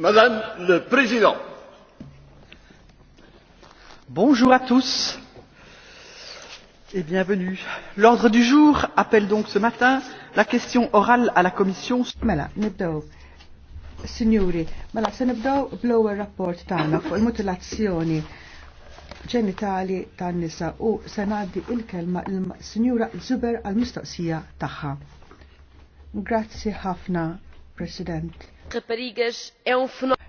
Madame le Président. Bonjour à tous et bienvenue. L'ordre du jour appelle donc ce matin la question orale à la Commission. Mela, Signori, mela, se nibdaw blower rapport tagħna fuq il-mutilazzjoni ġenitali tan-nisa u se ngħaddi il-kelma l-Sinjura Zuber għal-mistoqsija tagħha. Grazzi ħafna President.